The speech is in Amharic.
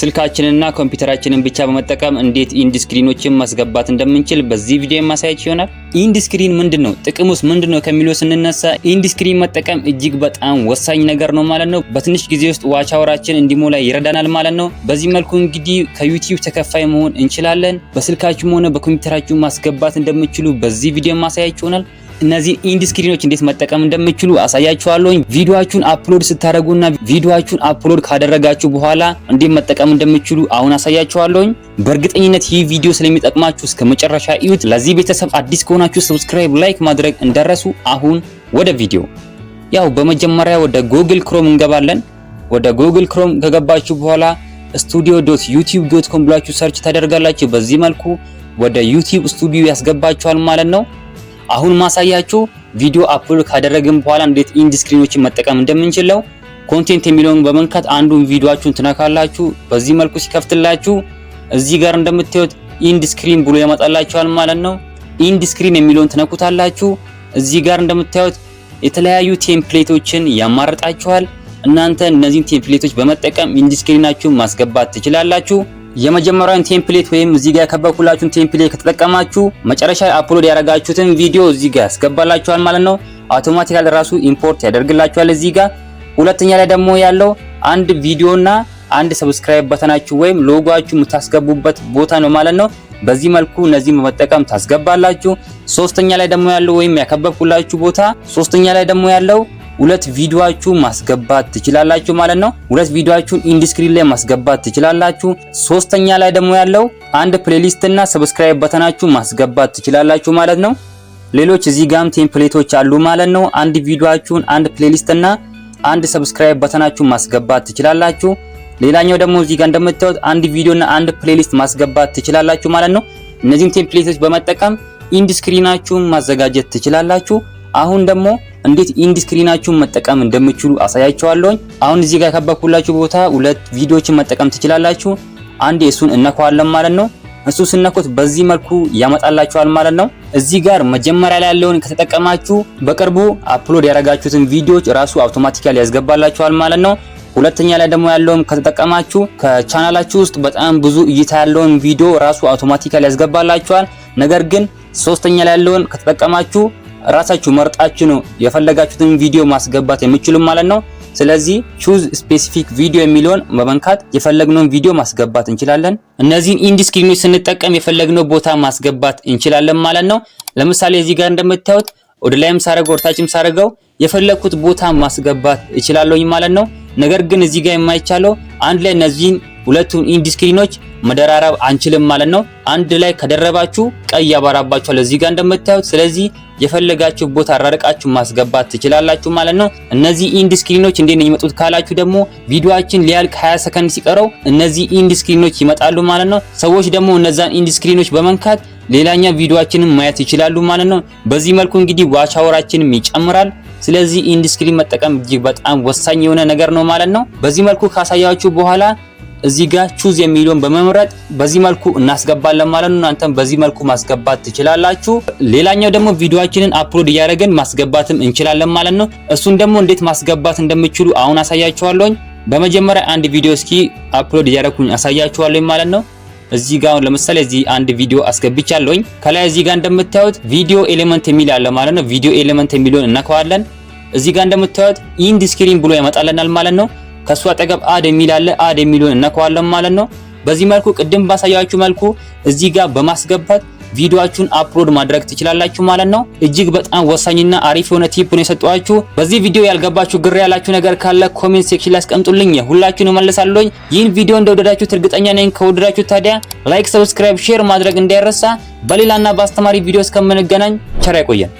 ስልካችንና ኮምፒውተራችንን ብቻ በመጠቀም እንዴት ኢንድ ስክሪኖችን ማስገባት እንደምንችል በዚህ ቪዲዮ የማሳያችሁ ይሆናል። ኢንድ ስክሪን ምንድን ነው? ጥቅሙስ ምንድን ነው ከሚለው ስንነሳ ኢንድ ስክሪን መጠቀም እጅግ በጣም ወሳኝ ነገር ነው ማለት ነው። በትንሽ ጊዜ ውስጥ ዋች አወራችን እንዲሞላ ይረዳናል ማለት ነው። በዚህ መልኩ እንግዲህ ከዩቲዩብ ተከፋይ መሆን እንችላለን። በስልካችሁም ሆነ በኮምፒውተራችሁ ማስገባት እንደምችሉ በዚህ ቪዲዮ ማሳያችሁ ይሆናል። እነዚህን ኢንድ ስክሪኖች እንዴት መጠቀም እንደምችሉ አሳያችኋለሁ። ቪዲዮአችሁን አፕሎድ ስታደርጉና ቪዲዮአችሁን አፕሎድ ካደረጋችሁ በኋላ እንዴት መጠቀም እንደምችሉ አሁን አሳያችኋለሁ። በእርግጠኝነት ይህ ቪዲዮ ስለሚጠቅማችሁ እስከ መጨረሻ እዩት። ለዚህ ቤተሰብ አዲስ ከሆናችሁ ሰብስክራይብ፣ ላይክ ማድረግ እንደረሱ። አሁን ወደ ቪዲዮ ያው በመጀመሪያ ወደ ጉግል ክሮም እንገባለን። ወደ ጉግል ክሮም ከገባችሁ በኋላ ስቱዲዮ ዶት ዩቲዩብ ዶት ኮም ብላችሁ ሰርች ታደርጋላችሁ። በዚህ መልኩ ወደ ዩቲዩብ ስቱዲዮ ያስገባችኋል ማለት ነው። አሁን ማሳያችሁ ቪዲዮ አፕሎድ ካደረግን በኋላ እንዴት ኢንድ ስክሪኖችን መጠቀም እንደምንችለው ኮንቴንት የሚለውን በመንካት አንዱን ቪዲዮአችሁን ትነካላችሁ። በዚህ መልኩ ሲከፍትላችሁ እዚህ ጋር እንደምታዩት ኢንድ ስክሪን ብሎ ያመጣላችኋል ማለት ነው። ኢንድ ስክሪን የሚለውን ትነኩታላችሁ። እዚህ ጋር እንደምታዩት የተለያዩ ቴምፕሌቶችን ያማረጣችኋል። እናንተ እነዚህን ቴምፕሌቶች በመጠቀም ኢንድ ስክሪናችሁን ማስገባት ትችላላችሁ። የመጀመሪያውን ቴምፕሌት ወይም እዚህ ጋር ከበኩላችሁን ቴምፕሌት ከተጠቀማችሁ መጨረሻ አፕሎድ ያደረጋችሁትን ቪዲዮ እዚህ ጋር ያስገባላችኋል ማለት ነው። አውቶማቲካል ራሱ ኢምፖርት ያደርግላችኋል እዚህ ጋር። ሁለተኛ ላይ ደግሞ ያለው አንድ ቪዲዮና አንድ ሰብስክራይብ በተናችሁ ወይም ሎጎአችሁ የምታስገቡበት ቦታ ነው ማለት ነው። በዚህ መልኩ እነዚህን በመጠቀም ታስገባላችሁ። ሶስተኛ ላይ ደግሞ ያለው ወይም ያከበብኩላችሁ ቦታ ሶስተኛ ላይ ደግሞ ያለው ሁለት ቪዲዮአችሁ ማስገባት ትችላላችሁ ማለት ነው። ሁለት ቪዲዮአችሁን ኢንዲስክሪን ላይ ማስገባት ትችላላችሁ። ሶስተኛ ላይ ደግሞ ያለው አንድ ፕሌሊስት እና ሰብስክራይብ በተናችሁ ማስገባት ትችላላችሁ ማለት ነው። ሌሎች እዚህ ጋም ቴምፕሌቶች አሉ ማለት ነው። አንድ ቪዲዮአችሁን አንድ ፕሌሊስት እና አንድ ሰብስክራይብ በተናችሁ ማስገባት ትችላላችሁ። ሌላኛው ደግሞ እዚህ ጋር እንደምታዩት አንድ ቪዲዮና አንድ ፕሌሊስት ማስገባት ትችላላችሁ ማለት ነው። እነዚህን ቴምፕሌቶች በመጠቀም ኢንድ ማዘጋጀት ትችላላችሁ። አሁን ደግሞ እንዴት ኢንዲስክሪናችሁን መጠቀም እንደምትችሉ አሳያችኋለሁኝ። አሁን እዚህ ጋር ካባኩላችሁ ቦታ ሁለት ቪዲዮዎችን መጠቀም ትችላላችሁ። አንዴ እሱን እነካዋለን ማለት ነው። እሱ ስነኩት በዚህ መልኩ ያመጣላችኋል ማለት ነው። እዚህ ጋር መጀመሪያ ላይ ያለውን ከተጠቀማችሁ በቅርቡ አፕሎድ ያደረጋችሁትን ቪዲዮዎች ራሱ አውቶማቲካሊ ያስገባላችኋል ማለት ነው። ሁለተኛ ላይ ደግሞ ያለውን ከተጠቀማችሁ ከቻናላችሁ ውስጥ በጣም ብዙ እይታ ያለውን ቪዲዮ ራሱ አውቶማቲካሊ ያስገባላችኋል። ነገር ግን ሶስተኛ ላይ ያለውን ከተጠቀማችሁ ራሳችሁ መርጣችሁ ነው የፈለጋችሁትን ቪዲዮ ማስገባት የምችሉ ማለት ነው። ስለዚህ ቹዝ ስፔሲፊክ ቪዲዮ የሚለውን በመንካት የፈለግነውን ቪዲዮ ማስገባት እንችላለን። እነዚህን ኢንዲ ስንጠቀም የፈለግነው ቦታ ማስገባት እንችላለን ማለት ነው። ለምሳሌ እዚህ ጋር እንደምታዩት ወደ ላይም ሳረገው ወርታችም ሳረገው የፈለግኩት ቦታ ማስገባት እችላለሁኝ ማለት ነው። ነገር ግን እዚህ ጋር የማይቻለው አንድ ላይ እነዚህን ሁለቱን ኢንዲስክሪኖች መደራረብ አንችልም ማለት ነው። አንድ ላይ ከደረባችሁ ቀይ ያባራባችኋል እዚህ ጋር እንደምታዩት። ስለዚህ የፈለጋችሁ ቦታ አራርቃችሁ ማስገባት ትችላላችሁ ማለት ነው። እነዚህ ኢንዲስክሪኖች ስክሪኖች እንዴት ነው የሚመጡት ካላችሁ ደግሞ ቪዲዮአችን ሊያልቅ 20 ሰከንድ ሲቀረው እነዚህ ኢንዲስክሪኖች ይመጣሉ ማለት ነው። ሰዎች ደግሞ እነዛን ኢንድ ስክሪኖች በመንካት ሌላኛ ቪዲዮአችንን ማየት ይችላሉ ማለት ነው። በዚህ መልኩ እንግዲህ ዋች አወራችንም ይጨምራል። ስለዚህ ኢንድ ስክሪን መጠቀም እጅግ በጣም ወሳኝ የሆነ ነገር ነው ማለት ነው። በዚህ መልኩ ካሳያችሁ በኋላ እዚህ ጋር ቹዝ የሚለውን በመምረጥ በዚህ መልኩ እናስገባለን ማለት ነው። እናንተም በዚህ መልኩ ማስገባት ትችላላችሁ። ሌላኛው ደግሞ ቪዲዮአችንን አፕሎድ እያደረግን ማስገባትም እንችላለን ማለት ነው። እሱን ደግሞ እንዴት ማስገባት እንደምችሉ አሁን አሳያችኋለሁኝ። በመጀመሪያ አንድ ቪዲዮ እስኪ አፕሎድ እያደረኩኝ አሳያችኋለሁኝ ማለት ነው። እዚህ ጋር ለምሳሌ እዚህ አንድ ቪዲዮ አስገብቻለሁኝ። ከላይ እዚህ ጋር እንደምታዩት ቪዲዮ ኤሌመንት የሚል አለ ማለት ነው። ቪዲዮ ኤሌመንት የሚለውን እናከዋለን። እዚህ ጋር እንደምታዩት ኢንድ ስክሪን ብሎ ያመጣልናል ማለት ነው። ከሱ አጠገብ አድ የሚል አለ። አድ የሚሉን እነከዋለን ማለት ነው። በዚህ መልኩ ቅድም ባሳያችሁ መልኩ እዚህ ጋር በማስገባት ቪዲዮአችሁን አፕሎድ ማድረግ ትችላላችሁ ማለት ነው። እጅግ በጣም ወሳኝና አሪፍ የሆነ ቲፕ ነው የሰጠኋችሁ። በዚህ ቪዲዮ ያልገባችሁ ግራ ያላችሁ ነገር ካለ ኮሜንት ሴክሽን ላይ አስቀምጡልኝ፣ ሁላችሁን እመልሳለሁኝ። ይህን ቪዲዮ እንደወደዳችሁ እርግጠኛ ነኝ። ከወደዳችሁ ታዲያ ላይክ፣ ሰብስክራይብ፣ ሼር ማድረግ እንዳይረሳ። በሌላና በአስተማሪ ቪዲዮ እስከምንገናኝ ቸር ያቆየን።